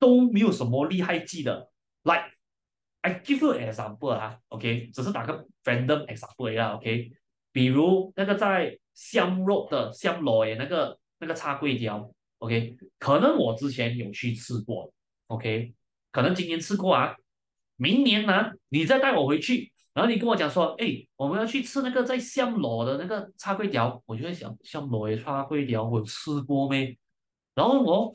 都沒有什麼厲害記的，like，I give you an example 啊，OK，只是打個 random example 而已啦，OK，比如那個在香肉的香螺那個那個叉桂條，OK，可能我之前有去吃過，OK，可能今年吃過啊，明年呢、啊，你再帶我回去，然後你跟我講說，誒，我們要去吃那個在香螺的那個叉桂條，我就會想香螺嘅叉桂條我有吃過咩，然後我。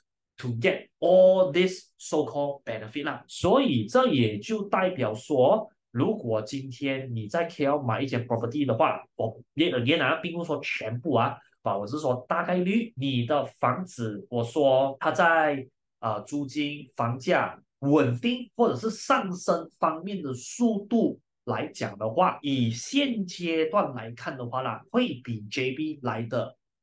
to get all this so called benefit 啦，所以這也就代表說，如果今天你在 KL 買一間 property 的話，我你也難，並不說全部啊，啊，我是說大概率你的房子，我說它在啊、呃、租金房價穩定，或者是上升方面的速度來講的話，以現階段來看的話啦，會比 JB 來的。